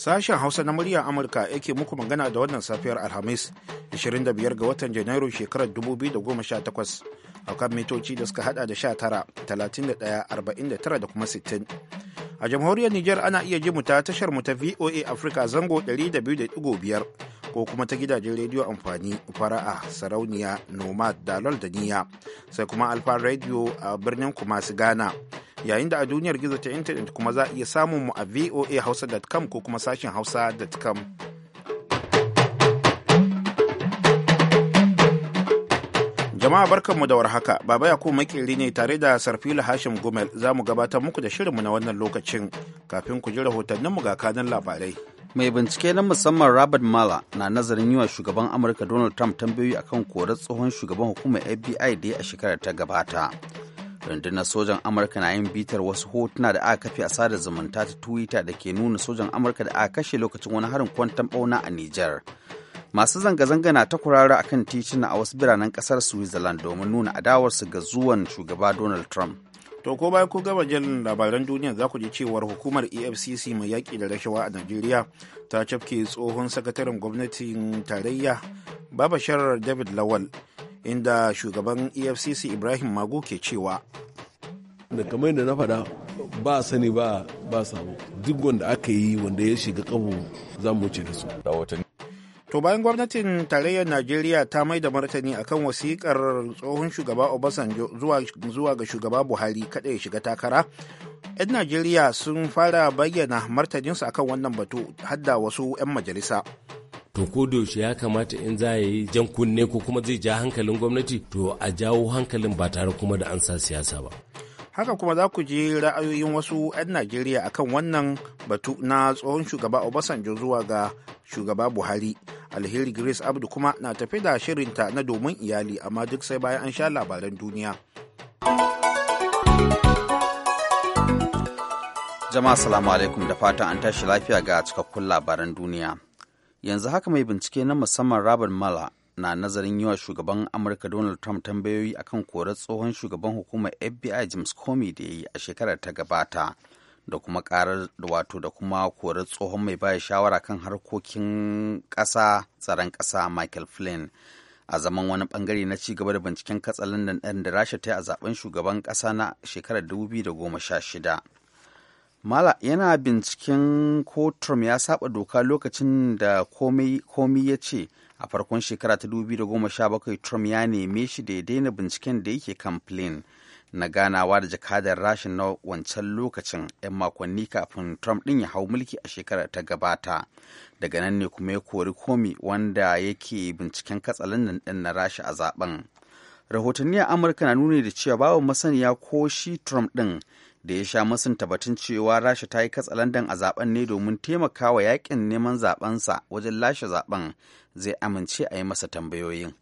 Sashen Hausa na muryar Amurka yake muku magana da wannan safiyar Alhamis 25 ga watan Janairu shekarar 2018 a kan mitoci da suka hada da 19, 31, 49 da kuma 60. A jamhuriyar Nijar ana iya ji mu ta tashar mu ta VOA Africa zango 200.5 ko kuma ta gidajen rediyo amfani fara'a sarauniya nomad dalol da niya sai kuma alfa radio a birnin kumasi ghana yayin da a duniyar gizo ta intanet kuma za a iya samun mu a voa hausa.com ko kuma sashen hausa.com jama'a barkanmu da warhaka baba ya kuma makeri ne tare da sarfila hashim gumel za mu gabatar muku da shirinmu na wannan lokacin kafin ku ji rahotanninmu ga kanin labarai mai bincike na musamman robert mala na nazarin yi wa shugaban amurka donald trump tambayoyi akan korar tsohon shugaban hukumar fbi da ya a shekarar ta gabata rundunar sojan amurka na yin bitar wasu hotuna da aka kafe a sada zumunta ta twitter da ke nuna sojan amurka da aka kashe lokacin wani harin kwantan bauna a niger masu zanga-zanga na ta kurara kan titina a wasu biranen kasar switzerland domin nuna adawarsu ga zuwan shugaba donald trump To ko bayan ko gama jin labaran duniya za ku ji cewar hukumar EFCC mai yaƙi da rashawa a Najeriya ta cafke tsohon sakataren gwamnatin tarayya sharar David Lawal inda shugaban EFCC Ibrahim Mago ke cewa. Da kamar yadda na faɗa ba sani ba ba samu duk wanda aka yi wanda ya shiga kabo za mu wuce da su. To bayan gwamnatin tarayyar Najeriya ta mai da martani akan wasikar tsohon shugaba Obasanjo zuwa ga shugaba Buhari kaɗai shiga takara, 'yan Najeriya sun fara bayyana martaninsu akan wannan batu hadda wasu 'yan majalisa. to ko da ya kamata in za yi jan kunne ko kuma zai ja hankalin gwamnati to a jawo hankalin ba tare kuma da ansa siyasa ba haka kuma za ku je ra'ayoyin wasu 'yan najeriya akan wannan batu na tsohon shugaba obasanjo zuwa ga shugaba buhari alheri grace abdu kuma na tafi da shirinta na domin iyali amma duk sai bayan an sha labaran duniya jama'a salamu alaikum da fatan an tashi lafiya ga cikakkun labaran duniya yanzu haka mai bincike na musamman robert mala na nazarin yi wa shugaban amurka donald trump tambayoyi akan korar tsohon shugaban hukumar fbi james comey da ya yi a shekarar ta gabata da kuma karar wato da kuma korar tsohon mai baya shawara kan harkokin ƙasa tsaron ƙasa michael flynn a zaman wani bangare na ci gaba da binciken katsalandan da da rasha ta yi a zaben shugaban ƙasa na shekarar 2016 mala yana binciken ko trump ya saba doka lokacin da komi ya ce a farkon shekara ta 2017 trump ya neme shi da ya daina binciken da yake complain na ganawa da jakadar rashin na wancan lokacin 'yan makonni kafin trump ɗin ya hau mulki a shekarar ta gabata daga nan ne kuma ya kori komi wanda yake binciken katsalandan ɗin na rasha a zaben rahotanni a amurka na nuni da cewa babu masaniya ko shi trump ɗin da ya sha masun tabbatun cewa rasha ta yi katsalandan a zaben ne domin taimakawa yakin neman zabensa wajen lashe zaben zai amince a yi masa tambayoyin.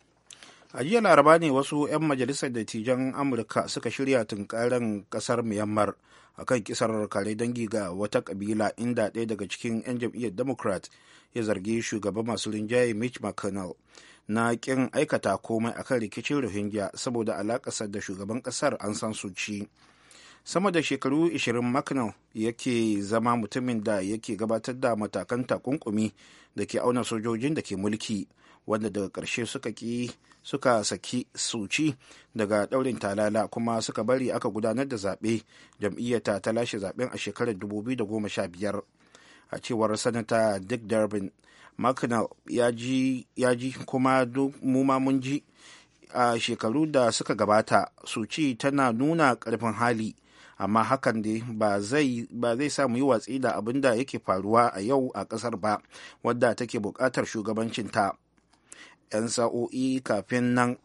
a jiya laraba ne wasu 'yan majalisar dattijan amurka suka shirya tunkarin kasar myanmar a kan kisar kare dangi ga wata kabila inda ɗaya daga cikin 'yan jam'iyyar democrat ya zargi shugaban masu rinjaye mitch mcconnell na kin aikata komai a kan rikicin rohingya saboda alakasar da shugaban kasar an san su ci sama da shekaru 20 mcconnell yake zama mutumin da yake gabatar da matakan takunkumi da ke auna sojojin da ke mulki wanda daga ƙarshe suka ki suka saki suci daga ɗaurin talala kuma suka bari aka gudanar da zaɓe jam'iyyata ta lashe zaɓen a shekarar 2015 a cewar sanata dick durbin mcconnell ya ji kuma mu ma mun ji a shekaru da suka gabata suci tana nuna ƙarfin hali amma hakan da ba zai sa mu yi watsi da abin da yake faruwa a yau a ƙasar ba wadda take buƙatar shugabancinta 'yan sa'o'i kafin nan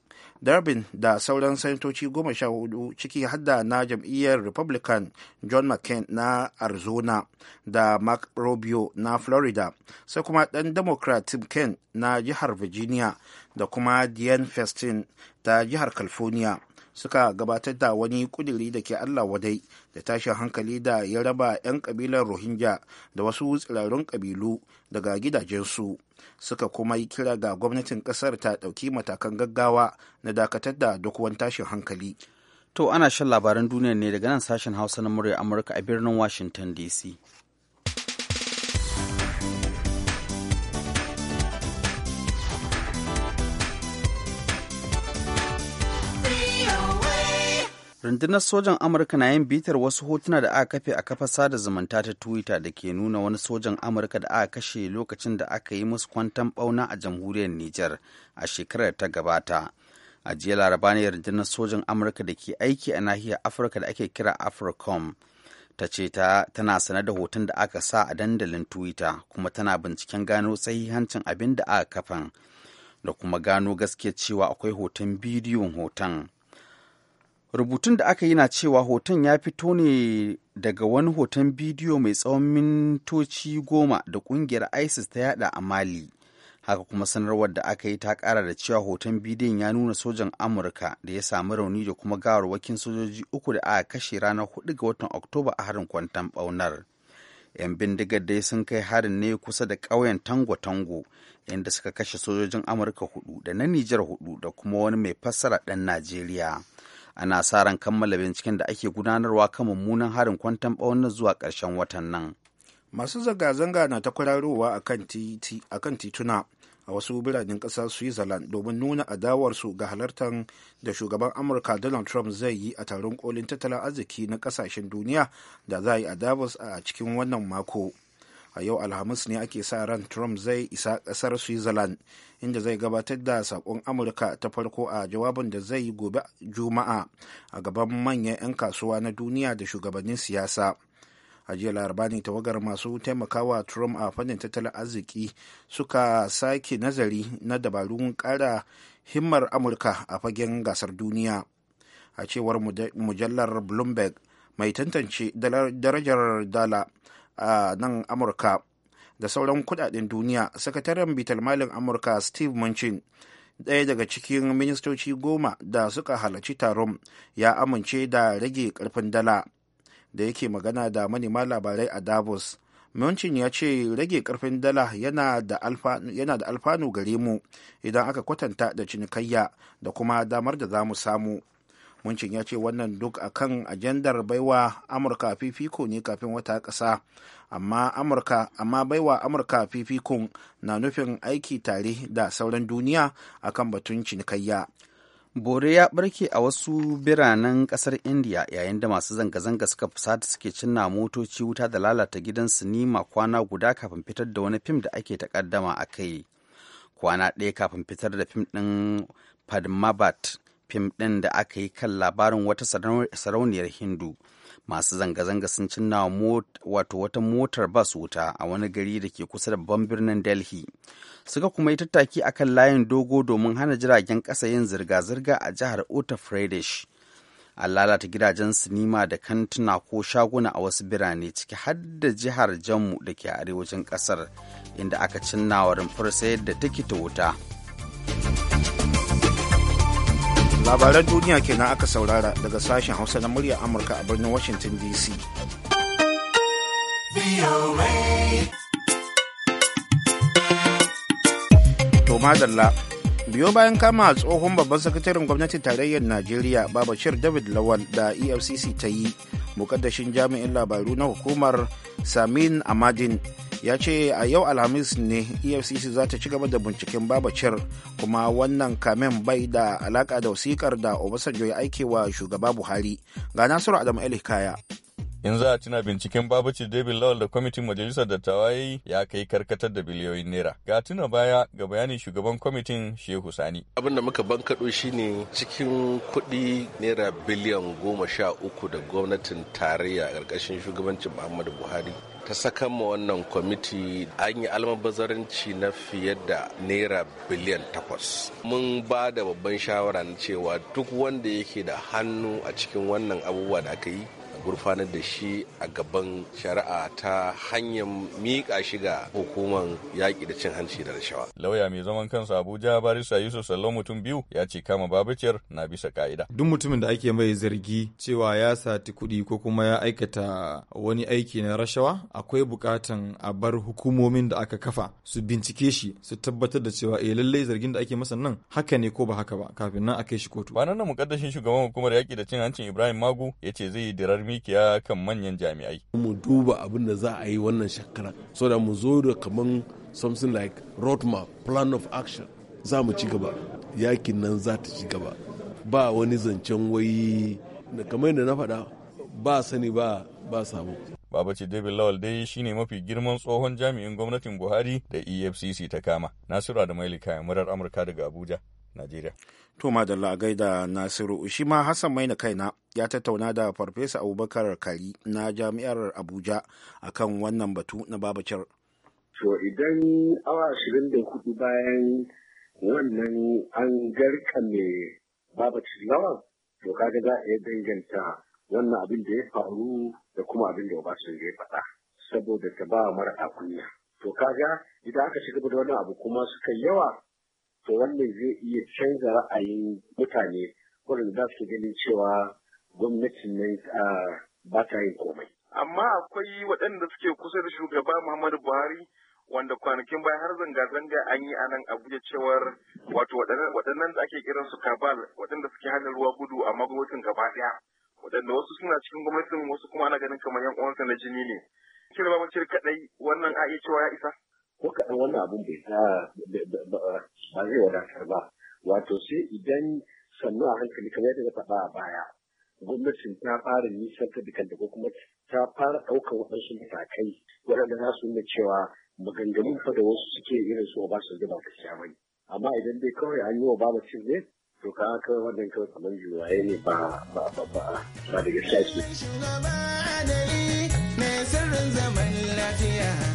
darbin da sauran sanatoci goma sha hudu ciki hadda na jam'iyyar republican john mccain na arizona da mark rubio na florida sai kuma dan democrat tim kaine na jihar virginia da kuma diane festin ta jihar california suka gabatar da wani kuduri da ke allah wadai da tashin hankali da ya raba 'yan kabilar rohingya da wasu tsirarun kabilu daga gidajensu suka kuma yi kira ga gwamnatin kasar ta ɗauki matakan gaggawa na dakatar da duk wani tashin hankali to ana shan labaran duniya ne daga nan sashen hausa na murya amurka a birnin washington dc rundunar sojan amurka na yin bitar wasu hotuna da aka kafe a kafa sada zumunta ta twitter da ke nuna wani sojan amurka da aka kashe lokacin da aka yi musu kwantan bauna a jamhuriyar niger a shekarar ta gabata a jiya laraba ne rundunar sojan amurka da ke aiki a nahiyar afirka da ake kira africom ta ce ta tana sane da hoton da aka sa a dandalin twitter kuma tana binciken gano sahihancin abin da aka kafan da kuma gano gaskiya cewa akwai hoton bidiyon hoton rubutun da aka yi na cewa hoton ya fito ne daga wani hoton bidiyo mai tsawon mintoci goma da kungiyar isis ta yada a mali haka kuma sanarwar da aka yi ta kara da cewa hoton bidiyon ya nuna sojan amurka da ya sami rauni da kuma gawarwakin sojoji uku da aka kashe ranar 4 ga watan oktoba a harin kwantan baunar 'yan bindigar dai sun kai harin ne kusa da ƙauyen tango-tango inda suka kashe sojojin amurka hudu da na nijar hudu da kuma wani mai fassara dan najeriya ana sa ran kammala binciken da ake gudanarwa kan mummunan harin kwantan ɓaunar zuwa ƙarshen watan nan masu zanga-zanga na ta kwararowa a kan tituna a wasu biranen ƙasar switzerland domin nuna adawarsu ga halartar da shugaban amurka donald trump zai yi a taron kolin tattalin arziki na ƙasashen duniya da za a yi a davos a cikin wannan mako a yau alhamis ne ake sa ran trump zai isa kasar switzerland inda zai gabatar da sakon amurka ta farko a jawabin da zai yi gobe juma'a a gaban manyan 'yan kasuwa na duniya da shugabannin siyasa a jiya laraba ne tawagar masu taimakawa trump a fannin tattalin arziki suka sake nazari na dabarun kara himmar amurka a fagen gasar duniya a cewar mujallar bloomberg mai tantance darajar dala a nan amurka da sauran kudaden duniya sakataren bitar malin amurka steve munchin daya daga cikin ministoci goma da suka halarci taron ya amince da rage karfin dala da yake magana da manema labarai a davos munchin ya ce rage karfin dala yana da alfanu gare mu idan aka kwatanta da cinikayya da kuma damar da za mu samu muncin ya ce wannan duk akan ajandar baiwa amurka fifiko ne kafin wata kasa amma amurka amma baiwa amurka fifikon na nufin aiki tare da sauran duniya akan batun cinikayya bore ya barke a wasu biranen kasar india yayin da masu zanga-zanga suka fusata suke cinna motoci wuta da lalata gidan sinima kwana guda kafin fitar da wani fim da ake takaddama a kai kwana ɗaya kafin fitar da fim ɗin padmabat fim ɗin da aka yi kan labarin wata sarauniyar hindu masu zanga-zanga sun cinna wato wata motar bas wuta a wani gari da ke kusa da babban birnin delhi suka kuma yi tattaki a kan layin dogo domin hana jiragen ƙasa yin zirga-zirga a jihar uttar pradesh a lalata gidajen sinima da kantuna ko shaguna a wasu birane ciki har da jihar jammu da ke arewacin ƙasar inda aka cinna wa rumfar sayar da tikiti wuta labaran duniya kenan aka saurara daga sashen hausa na murya amurka a birnin washington dc tomadalla madalla biyo bayan kama tsohon babban sakataren gwamnatin tarayyar najeriya babashir david lawal da efcc ta yi mukaddashin jami'in labaru na hukumar samin amadin ya ce a yau alhamis ne efcc za ta ci gaba da binciken babacir kuma wannan kamen bai da alaka da wasikar da obasanjo ya aike wa shugaba buhari ga nasiru adamu kaya in za a tuna binciken babuci david lawal da kwamitin majalisar dattawa ya ya kai karkatar da biliyoyin naira ga tuna baya ga bayanin shugaban kwamitin shehu sani abin da muka bankaɗo shine cikin kuɗi naira biliyan goma sha uku da gwamnatin tarayya a ƙarƙashin shugabancin muhammadu buhari ta sakan ma wannan kwamiti an yi almabazaranci na fiye da naira biliyan takwas mun ba da babban shawara na cewa duk wanda yake da hannu a cikin wannan abubuwa da aka yi gurfanar da shi a gaban shari'a ta hanyar miƙa shi ga hukumar yaƙi da cin hanci da rashawa. Lauya mai zaman kansa Abuja Barisa Yusuf Sallon mutum biyu ya ce kama babaciyar na bisa ka'ida. Duk mutumin da ake mai zargi cewa ya sati kuɗi ko kuma ya aikata wani aiki na rashawa akwai buƙatan a bar hukumomin da aka kafa su bincike shi su tabbatar da cewa eh lallai zargin da ake masa nan haka ne ko ba haka ba kafin nan a kai shi kotu. Banan nan mukaddashin shugaban hukumar yaƙi da cin hancin Ibrahim Magu ya ce zai yi dirar mikiya kan manyan jami'ai. Mu duba abin da za a yi wannan shekara so da mu zo da kaman something like roadmap plan of action za mu ci gaba yakin nan za ta ci gaba ba wani zancen wai kamar yadda na faɗa ba sani ba ba samu. Babaci David Lawal dai shine mafi girman tsohon jami'in gwamnatin Buhari da EFCC ta kama. Nasura da Mailika murar Amurka daga Abuja, najeriya to madalla a gaida nasiru shi ma hassan maina kaina ya tattauna da farfesa abubakar kari na jami'ar abuja akan wannan batu na babacar to idan awa ashirin da hudu bayan wannan an garka mai babacin lawan to kaga za a iya danganta wannan abin da ya faru da kuma abin da Obasanjo ya faɗa saboda ta ba mara kunya. To kaga idan aka shiga da wannan abu kuma suka yawa to wannan zai iya canza ra'ayin mutane waɗanda za su ganin cewa gwamnatin nan ba ta yin komai. Amma akwai waɗanda suke kusa da shugaba Muhammadu Buhari wanda kwanakin baya har zanga-zanga an yi anan Abuja cewar wato waɗannan da ake kiran su kabal waɗanda suke hana ruwa gudu a magwamnatin gaba ɗaya waɗanda wasu suna cikin gwamnatin wasu kuma ana ganin kamar yan uwansa na jini ne. Cire ba kaɗai wannan a iya cewa ya isa? ko kaɗan wannan abun bai ba zai wadatar ba wato sai idan sannu a hankali kamar yadda na faɗa a baya gwamnatin ta fara nisan ta da kuma ta fara ɗaukar waɗansu matakai waɗanda za su nuna cewa maganganun fa da wasu suke irin su ba su zuba gaskiya ba amma idan dai kawai an yi wa ba cin ne to ka kawai wannan kawai kamar juwaye ne ba ba ba ba ba da gaskiya su ne.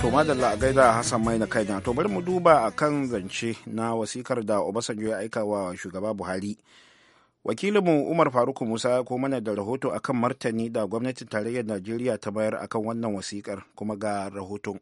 To madalla a gaida Hassan mai na kai na to bari mu duba a kan zance na wasikar da Obasanjo ya aika wa shugaba Buhari. Wakilinmu Umar Faruk Musa ya koma da rahoto akan martani da gwamnatin tarayyar Najeriya ta bayar akan wannan wasikar kuma ga rahoton.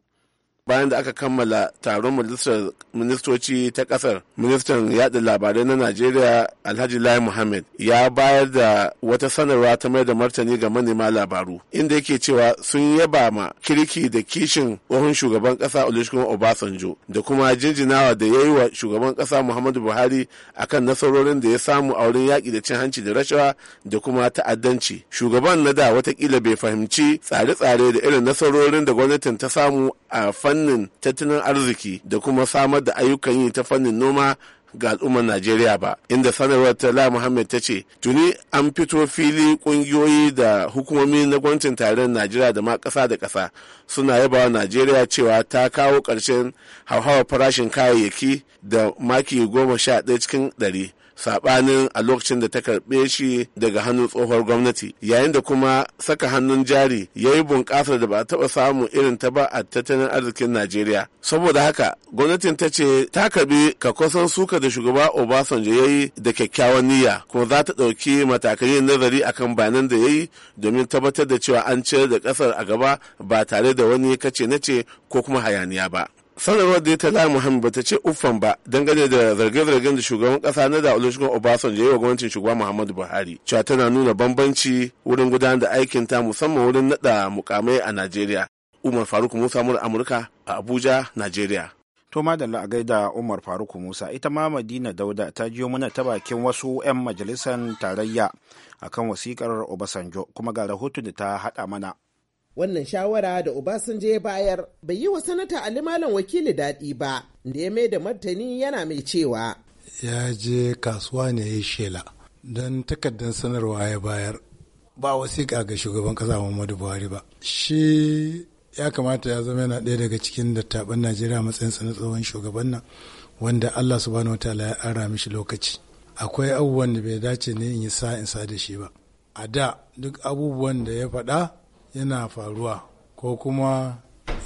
bayan da aka kammala taron majalisar ministoci ta kasar ministan yada labarai na najeriya alhaji lai muhammad ya bayar da wata sanarwa ta mai da martani ga manema labaru inda yake cewa sun yaba ma kirki da kishin tsohon shugaban kasa olusegun obasanjo da kuma jinjinawa da ya yi wa shugaban kasa muhammadu buhari akan nasarorin da ya samu a wurin yaƙi da cin hanci da rashawa da kuma ta'addanci shugaban na da watakila bai fahimci tsare-tsare da irin nasarorin da gwamnatin ta samu a fannin tattalin arziki da kuma samar da ayyukan yi ta fannin noma ga al'ummar Najeriya ba, inda sanarwar Tala muhammed ta ce, tuni an fito fili kungiyoyi da hukumomi na gwamnatin taron Najeriya da ma ƙasa da kasa suna yabawa Najeriya cewa ta kawo ƙarshen hauhawar farashin kayayyaki da maki goma sha ɗaya cikin ɗari sabanin a lokacin da ta karɓe shi daga hannun tsohuwar gwamnati yayin da kuma saka hannun jari ya yi bunƙasar da ba a taɓa samun irin ta ba a tattalin arzikin najeriya saboda haka gwamnatin ta ce ta karbi kusan suka da shugaba obasanjo ya yi da kyakkyawan niyya kuma za ta ɗauki matakai nazari akan bayanan da ya yi domin tabbatar da cewa an ciyar da ƙasar a gaba ba tare da wani kace na ce ko kuma hayaniya ba sanarwar da ta lai muhammed ta ce uffan ba dangane da zarge-zargen da shugaban kasa na da olusegun obasanjo yi wa gwamnatin shugaban muhammadu buhari cewa tana nuna bambanci wurin gudanar da aikin ta musamman wurin nada mukamai a nigeria umar faruk musa mura amurka a abuja nigeria. to da a gaida umar faruk musa ita ma madina dauda ta jiyo mana ta bakin wasu 'yan majalisar tarayya akan wasikar obasanjo kuma ga rahoton da ta haɗa mana Wannan shawara da Obasanjo ya bayar bai yi wa sanata Ali Malam wakili daɗi ba, da ya mai da martani yana mai cewa. Ya je kasuwa ne ya shela don takardar sanarwa ya bayar ba wasiƙa ga shugaban ƙasa Muhammadu Buhari ba. Shi ya kamata ya zama yana ɗaya daga cikin dattaɓan Najeriya matsayin na tsohon shugaban nan wanda Allah subhanahu wataala ya ara mishi lokaci. Akwai abubuwan da bai dace ne in yi sa in sa da shi ba. A da duk abubuwan da ya faɗa yana faruwa ko kuma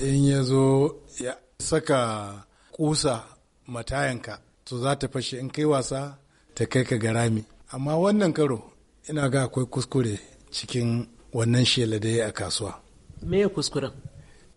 in ya zo ya saka kusa matayanka to za ta fashe in kai wasa ta kai ka garami amma wannan karo ina ga akwai kuskure cikin wannan shela da ya a kasuwa me kuskuren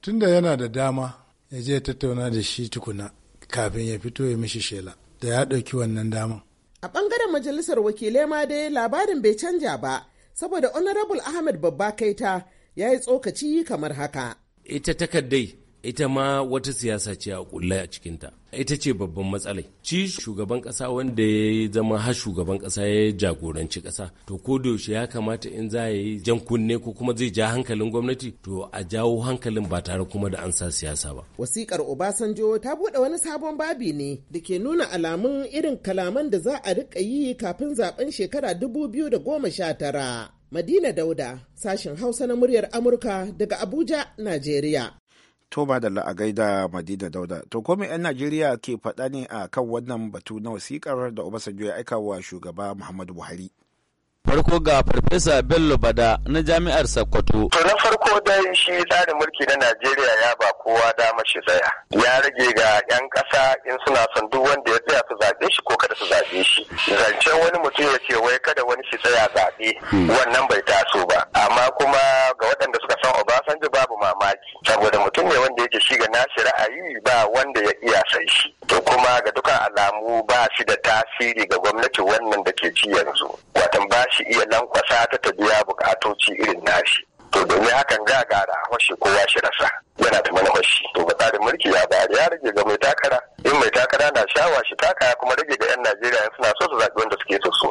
tunda yana da dama ya je tattauna da shi tukuna kafin ya fito ya mishi shela da ya ɗauki wannan dama a ɓangaren majalisar wakilai ma dai labarin bai canja ba saboda honorable ahmed babba kaita ya yi tsokaci kamar haka. Ita takardai ita ma wata siyasa ce a kulle a cikinta ita ce babban matsalai ci shugaban ƙasa. wanda ya zama har shugaban ƙasa, ya jagoranci ƙasa, to ko da yaushe ya kamata in za yi jan kunne ko kuma zai ja hankalin gwamnati to a jawo hankalin ba tare kuma da an sa siyasa ba wasikar obasanjo ta buɗe wani sabon babi ne da ke nuna alamun irin kalaman da za a riƙa yi kafin zaben shekara dubu biyu da goma sha tara. Madina Dauda, sashen Hausa na muryar Amurka daga Abuja, Najeriya. To ba da la'agaida Madina Dauda. To komai 'yan Najeriya ke faɗa ne a kan wannan batu na wasiƙar da Obasanjo ya aika wa shugaba Muhammadu Buhari. farko ga farfesa bello bada na jami'ar sokoto to na farko dai shi tsarin mulki na najeriya ya ba kowa dama shi tsaya ya rage ga yan kasa in suna son duk wanda ya tsaya su zaɓe shi ko kada su zaɓe shi zancen wani mutum ya ce wai kada wani shi tsaya zaɓe hmm. wannan bai taso ba amma kuma ga waɗanda suka san obasanjo babu mamaki saboda mutum ne wanda yake shiga ga nashi ra'ayi ba wanda ya iya sai shi to kuma ga dukkan alamu ba shi da tasiri ga gwamnati wannan da ke ci yanzu bukatun ba shi iya lankwasa ta ta biya bukatoci irin nashi to domin hakan ga gara hoshi kowa shi rasa yana da hoshi. to ba tsarin mulki ya bari ya rage ga mai takara in mai takara na shawa shi taka kuma rage ga yan Najeriya suna so su zaɓi wanda suke so su.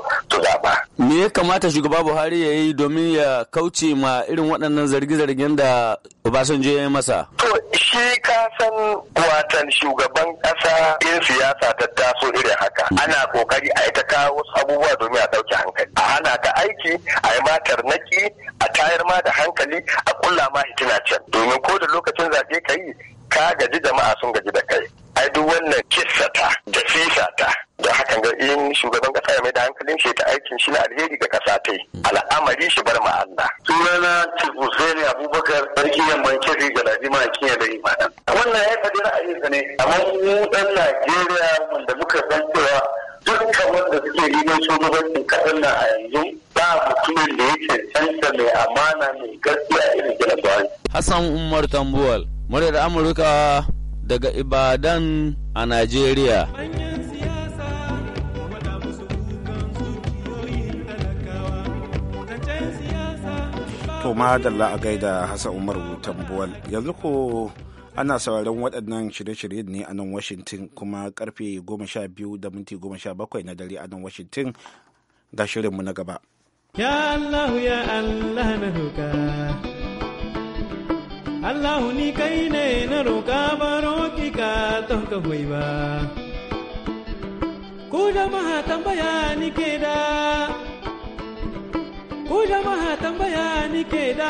me ya kamata shugaba buhari ya yi domin ya kauce ma irin waɗannan zargi zargen da obasanjo ya yi masa to shi ka san watan shugaban ƙasa in siyasa ta taso irin haka mm. ana kokari a ita kawo wasu abubuwa domin a ɗauki hankali a hana ta aiki a yi matar naki a tayar ma da hankali a kulla ma hitina can domin ko da lokacin zaɓe ka yi ka gaji jama'a sun gaji da kai ai duk wannan ta da fisata da hakan ga in shugaban kasa ya mai da hankalin shi ta aikin shi na alheri ga kasa ta yi al'amari shi bar ma Allah sunana Hussein Abubakar sarki yamman kefi ga Ladima kiyaye da Imanan wannan ya faɗi ra'ayinsa ne amma mu dan Najeriya wanda muka san cewa dukkan wanda suke neman shugabancin kasar na a yanzu ba mutumin da yake canza mai amana mai gaskiya irin Hassan Umar Tambuwal, muryar Amurka daga Ibadan a Najeriya. To madalla a gaida Hassan umar Tambuwal yanzu ko ana sauraron waɗannan shirye-shirye ne a nan Washington kuma karfe 12 da minti 17 na dare a nan Washington ga shirinmu na gaba. Ya Allah ya Allah na roƙa. Allah ni kai ne na roƙa baro ki ka ka hoyi ba. Ku jama'a tambaya ni ke da, ku jama'a tambaya ni ke da.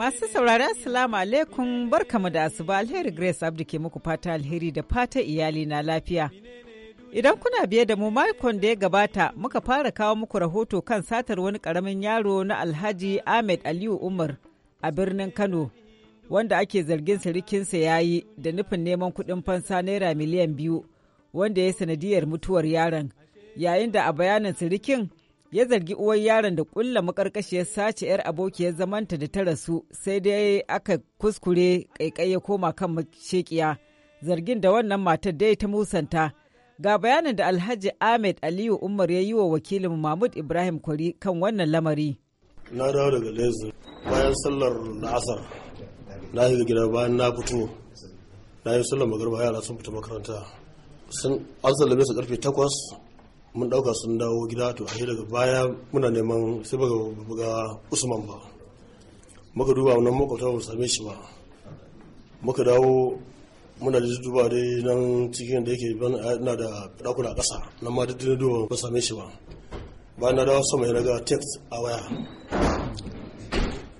Masu sauraron Assalamu alaikum barkamu da asuba alheri Grace Abdi ke muku fata alheri da fata iyali na lafiya. Idan kuna biye da mu makon da ya gabata muka fara kawo muku rahoto kan satar wani karamin yaro na Alhaji Ahmed Aliyu Umar a birnin Kano wanda ake zargin sirikinsa ya yi da nufin neman kuɗin fansa naira miliyan biyu wanda ya sanadiyar mutuwar yaron yayin da a bayanin sirikin ya zargi uwar yaron da ƙulla makarkashiyar sace 'yar abokiyar zamanta da ta rasu sai dai aka kuskure ƙaiƙai ya koma kan mashekiya zargin da wannan matar dai ta musanta. Ga bayanin da Alhaji Ahmed Aliyu Umar ya yi wa wakilin Mahmud Ibrahim Kwari kan wannan lamari. Na dawo daga Lezu bayan sallar la'asar na shiga gida bayan na fito na yi sallar magarba yara sun fita makaranta. Sun an sallame su karfe takwas mun dauka sun dawo gida to ashe daga baya muna neman sai baga buga Usman ba. Muka duba wannan makwabta ba mu same shi ba. Muka dawo muna da duba dai nan cikin da yake na da dakuna kasa na ma duk duba ba same shi ba bayan na dawo sama na ga text a waya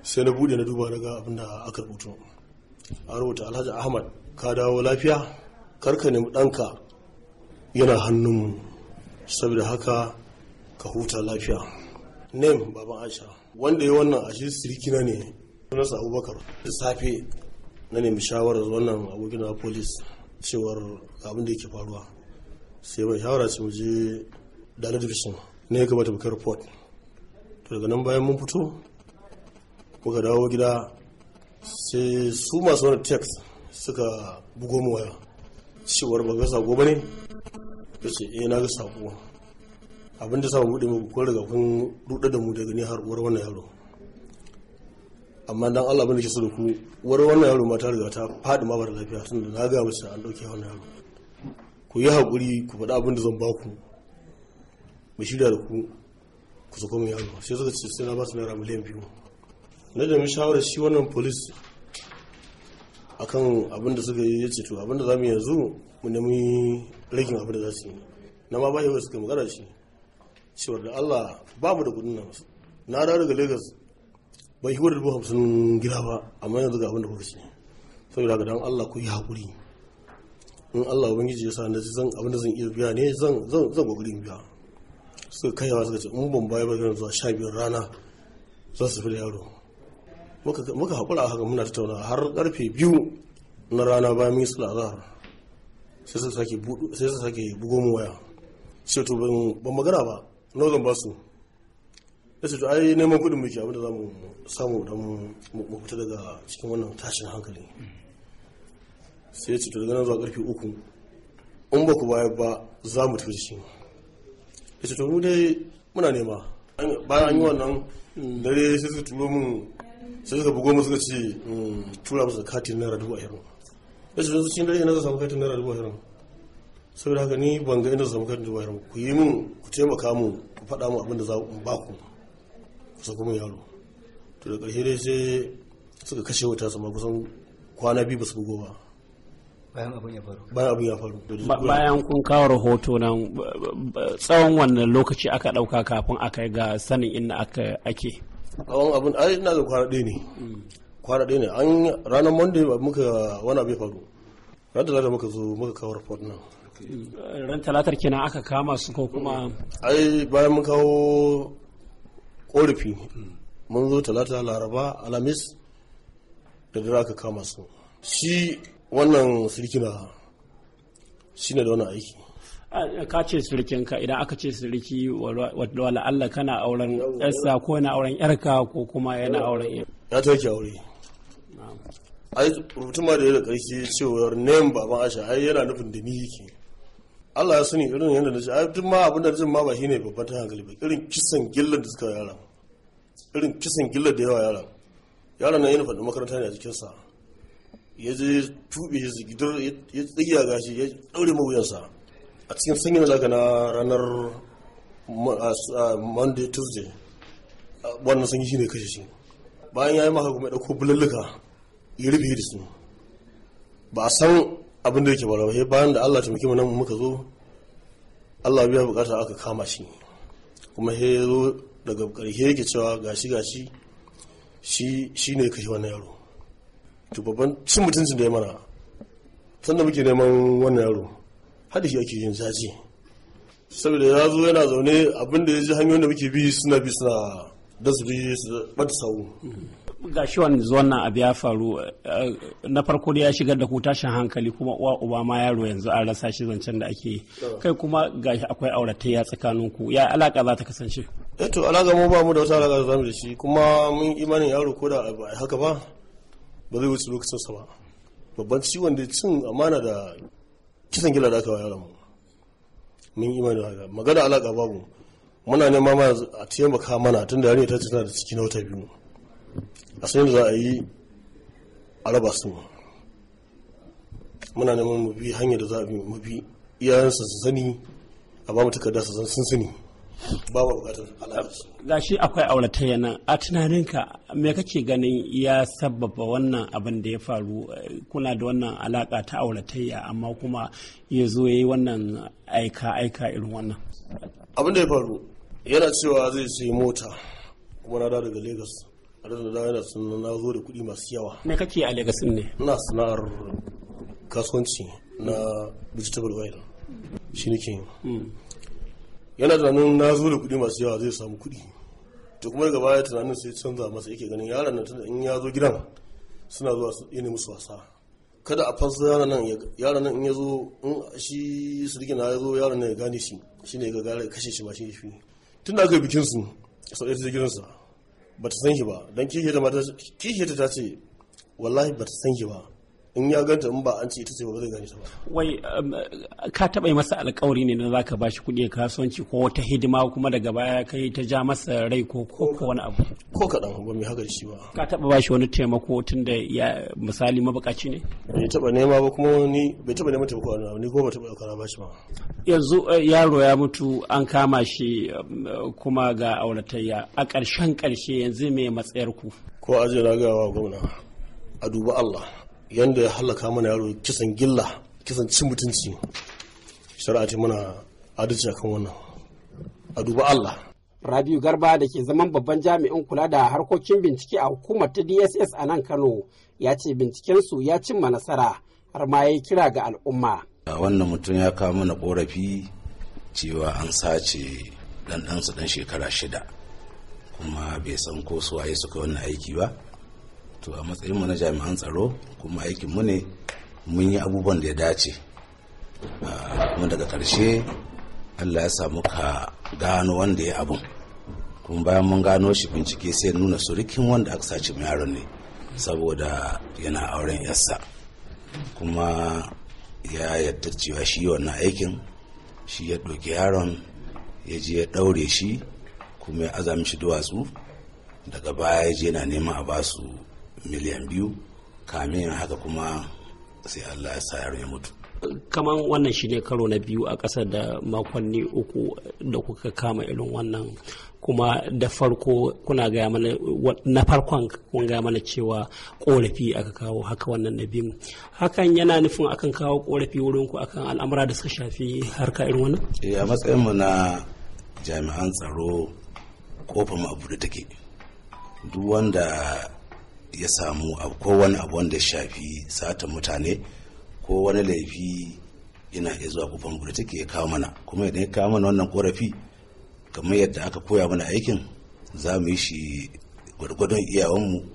sai na buɗe na duba na ga abin da aka rubuto a rubuta alhaji ahmad ka dawo lafiya karka nemi ɗanka yana hannunmu saboda haka ka huta lafiya name baban aisha wanda ya wannan ashe sirikina ne sunansa abubakar da safe na nemi shawarar wannan abokin na police cewar abin da yake faruwa sai mai shawara ce mu je dalar division ne ya kamata mu kai report to daga nan bayan mun fito muka dawo gida sai su masu wani text suka bugo mu waya cewar ba ga sako ba ne ta ce eh na ga sako abin da sa mu bude mu kun riga kun da mu daga ni har uwar wannan yaro amma dan Allah bane ke so da war wannan yaro mata riga ta faɗi ma bar lafiya tun da na ga musu an dauke wannan yaro ku yi hakuri ku faɗi abin da zan ba ku mu shirya da ku ku zo komai yaro sai suka ce sai na ba su naira miliyan biyu na da mu shawara shi wannan police akan abin da suka yi ya ce to abin da za mu yanzu mu nemi rikin abin da za su yi na ma ba shi suka magana shi cewar da Allah babu da kudin nan na dawo daga Lagos bai yi wadda hamsin gida ba amma yanzu ga abin da kuka ce saboda ga dan Allah ku yi haƙuri in Allah ubangiji ya sa na zan abin zan iya biya ne zan zan zan goguri biya suka kai yawa suka ce in ban bayar ba zan zuwa sha rana za su fi da yaro muka haƙura a haka muna tattauna har karfe biyu na rana bayan mun yi sula azhar sai suka sake bugo mu waya sai to ban magana ba nawa zan ba su ya su ai neman kuɗin muke abinda za mu samu don mu fita daga cikin wannan tashin hankali sai ya ce to daga nan zuwa karfe uku in ba ku bayar ba za mu tafi shi ya ce to mu dai muna nema bayan yi wannan dare sai suka turo mun sai suka bugo mu suka ce mm, tura musu katin naira dubu ashirin ya ce su cikin dare na samu katin naira dubu ashirin saboda haka ni ban ga inda samu katin dubu ashirin ku yi min ku taimaka mu ku faɗa mu abin da za mu ba ku kusa kuma yaro to da ƙarshe dai sai suka kashe wuta sama kusan kwana biyu ba su bugo ba bayan abin ya faru bayan ya faru bayan kun kawo rahoto nan tsawon wannan lokaci aka ɗauka kafin aka ga sanin inda aka ake tsawon abin ai ina ga kwana ɗaya ne kwana ɗaya ne an ranar monday muka wani abu ya faru ran talata muka zo muka kawo rahoto nan ran talatar kenan aka kama su ko kuma ai bayan mun kawo korafi mun zo talata laraba alamis da dara aka kama su shi wannan sirkina shi ne da wani aiki ka ce ka idan aka ce sirki wala Allah kana auren yarsa ko yana auren yarka ko kuma yana auren ya ta yake aure ai rubutun ma da ya da karshe cewar nem baban asha ai yana nufin da ni yake Allah ya sani irin yadda da shi a duk ma abin da jin ma ba ne babban ta hankali ba irin kisan gillar da suka yara irin kisan gillar da yawa yara yaran na yin faɗi makaranta ne a cikin sa ya je tuɓe ya zigidar ya tsigiya gashi ya daure mawuyansa a cikin sanyin zaka na ranar monday tuesday wannan sanyi shine kashe shi bayan ya yi maka kuma ya ɗauko bulalluka ya rufe da su ba a san abin da yake bara sai bayan da Allah taimake mu nan muka zo Allah biya bukata aka kama shi kuma he ya zo daga karshe yake cewa gashi gashi shi shi ne kashe wannan yaro to babban cin mutuncin da ya mana sannan muke neman wannan yaro hada shi ake yin zaji saboda ya zo yana zaune abin da ya ji hanyoyin da muke bi suna bi suna da su bi su bata sawu ga shi wannan abu ya faru eh, na farko da ya shigar da ku tashin hankali kuma uwa uba ma yaro yanzu an rasa shi zancen da ake kai kuma ga shi akwai auratayya tsakanin ku ya alaka za ta kasance eh to alaka mu ba mu da wata alaka mu da shi kuma mun imanin yaro ko da ba haka ba ba zai wuce lokacin sa ba babban ciwon da cin amana da kisan gila da aka wa yaron mu mun imanin haka magana alaka babu muna neman ma a taimaka mana tun da yare ta tana da ciki na wata biyu a da za a yi a raba su muna neman mafi hanyar da za a bi mafi iyayensa su sani a ba mu takarda su sun sani ba ba bukatar alaƙa shi akwai aulatayya nan a tunaninka me kake ganin ya sababa wannan abin da ya faru kuna da wannan alaƙa ta aulatayya amma kuma ya zo ya yi wannan aika aika irin wannan abin da ya faru yana cewa zai sai mota kuma na daga lagos ran da yana sun na zo da kuɗi masu yawa me kake a legas ne ina sana'ar kasuwanci na vegetable oil shi nake hmm. yana tunanin na zo da kuɗi masu yawa zai samu kuɗi to kuma daga baya tunanin sai canza masa yake ganin yaran nan in ya zo gidan suna zuwa su ne musu wasa kada a fasa yaran nan yaran nan in ya zo in shi su na ya zo yaran nan ya gane shi shine ga gara kashe shi ma shi shi tun da aka bikin su sau ɗaya sai gidansa ba ta san shi ba don kishiyarta ta ce wallahi ba ta san shi ba in ya ganta in ba an ce ita ce ba zai gane ta ba wai um, ka yi masa alkawari ne na za ba bashi kuɗi ya kasuwanci ko wata hidima kuma daga baya kai ta ja masa rai ko ko wani abu ko kaɗan ba mai haka shi ba ka ba bashi wani taimako tun da ya misali mabukaci ne bai taɓa nema ba kuma ni bai taɓa nema taimako wani ni ko ba taɓa ɗaukar bashi ba yanzu eh, yaro ya mutu an kama shi um, kuma ga auratayya a ƙarshen ƙarshe yanzu me matsayar ku ko je na gaya wa gwamna a duba Allah yanda ya halaka mana yaro kisan gilla kisan cin mutunci shari'a ce mana adalci akan wannan a duba Allah Rabiu Garba da ke zaman babban jami'in kula da harkokin bincike a hukumar ta DSS a nan Kano ya ce bincikensu ya cimma nasara har ma ya yi kira ga al'umma. Wannan mutum ya kawo mana korafi cewa an sace dan dan shekara shida kuma bai san ko suwaye suka wannan aiki ba. to a matsayinmu na jami'an tsaro kuma aikinmu ne mun yi abubuwan da ya dace ah, kuma daga ƙarshe allah ya samu ka gano wanda ya abun kuma bayan mun gano shi bincike sai nuna surikin wanda aka sace mu yaron ne saboda yana auren yassa kuma ya yadda cewa shi wannan aikin shi ya ɗauki yaron ya je ya ɗaure shi kuma ya aza duwatsu daga baya ya je na neman a basu miliyan biyu kamin haka kuma sai allah ya sa ya mutu kaman wannan shi ne karo na biyu a ƙasa da makonni uku da kuka kama irin wannan kuma da farko kuna gaya mana na farkon kun gaya mana cewa korafi aka kawo haka wannan na biyu hakan yana nufin akan kawo korafi wurin ku akan al'amura da suka shafi harka irin wannan eh, a matsayin mu na jami'an tsaro kofa mu abu da take duk wanda ya samu ko wani abu wanda shafi satan mutane ko wani laifi yana iya zuwa kufan da take ya kawo mana kuma idan ya kawo mana wannan korafi kamar yadda aka koya mana aikin za mu yi shi gwargwadon iyawanmu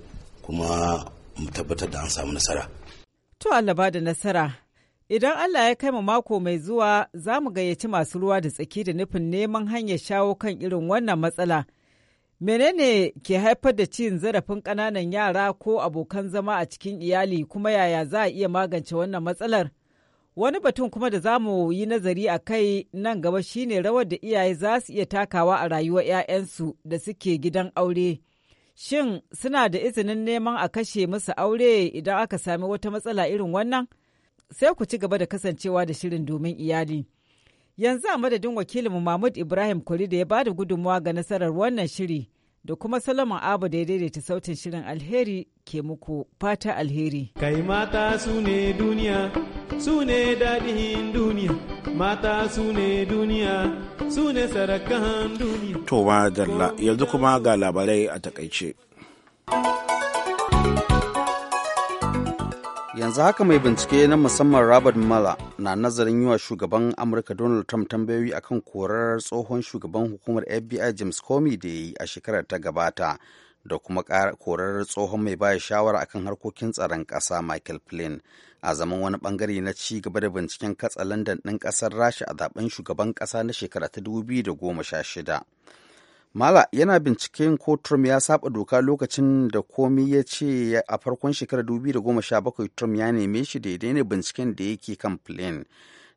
kuma mu tabbatar da an samu nasara. To Allah ba da nasara Idan Allah ya kai mu mako mai zuwa za mu gayyaci masu ruwa da tsaki da nufin neman hanyar shawo kan irin wannan matsala Menene ke haifar da cin zarafin ƙananan yara ko abokan zama a cikin iyali kuma yaya za a iya magance wannan matsalar? Wani batun kuma da za mu yi nazari a kai nan gaba shine rawar da iyaye za su iya takawa a rayuwar 'ya'yansu da suke gidan aure. Shin suna da izinin neman a kashe musu aure idan aka sami wata matsala irin wannan? Sai ku ci gaba da kasancewa da shirin domin iyali. Yanzu a madadin wakilinmu Mahmud Ibrahim Kuri da ya bada gudunmawa ga nasarar wannan shiri da kuma salomon Abu da ya daidaita sautin shirin alheri ke muku fata alheri. Kai mata su ne duniya, su ne daɗin duniya, mata su ne duniya, su ne sarakan duniya. To ma yanzu kuma ga labarai a takaice. yanzu haka mai bincike na musamman robert Mueller na nazarin yi wa shugaban amurka donald trump tambayoyi akan korar tsohon shugaban hukumar fbi james comey da ya yi a shekarar ta gabata da kuma korar tsohon mai baya shawara akan harkokin tsaron ƙasa michael flynn a zaman wani bangare na ci gaba da binciken katsa london ɗin ƙasar rasha a zaben shugaban ƙasa na shekara ta 2016 Mala yana binciken ko Trump ya saba doka lokacin da komi ya ce a farkon shekarar 2017 Trump ya neme shi daidai ne binciken da yake kan plane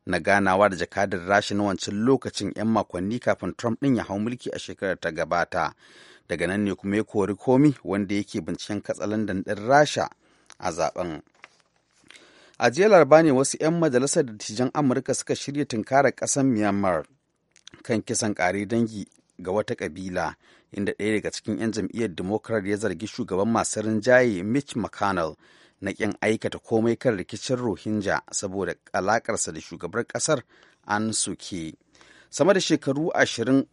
na ganawa da jakadar rashi na wancan lokacin 'yan makonni kafin Trump din ya hau mulki a shekarar ta gabata. Daga nan ne kuma ya kori komi wanda yake binciken katsalandan ɗin rasha a zaben. A jiya laraba ne wasu 'yan majalisar dattijan Amurka suka shirya tunkarar kasan Myanmar kan kisan ƙare dangi ga wata kabila inda ɗaya daga cikin 'yan jam'iyyar democrat ya zargi shugaban masu rinjaye mitch mcconnell na ƙin aikata komai kan rikicin rohingya saboda alakarsa da shugabar ƙasar an suke sama da shekaru ashirin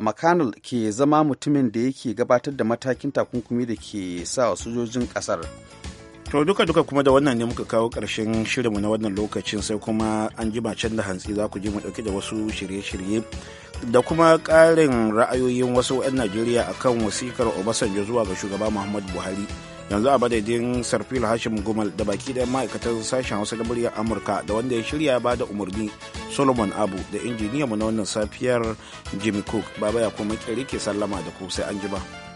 mcconnell ke zama mutumin da yake gabatar da matakin takunkumi da ke sa sojojin ƙasar to duka duka kuma da wannan ne muka kawo ƙarshen shirinmu na wannan lokacin sai kuma an jima can da hantsi za ku ji mu ɗauki da wasu shirye-shirye da kuma ƙarin ra'ayoyin wasu 'yan najeriya akan wasikar obasanjo zuwa ga shugaba muhammad buhari yanzu a madadin sarfil hashim gumal da baki da ma'aikatan sashen hausa da muryar amurka da wanda ya shirya ba da umarni solomon abu da mu na wannan safiyar jimmy cook baba ya kuma ke sallama da ku sai an jima.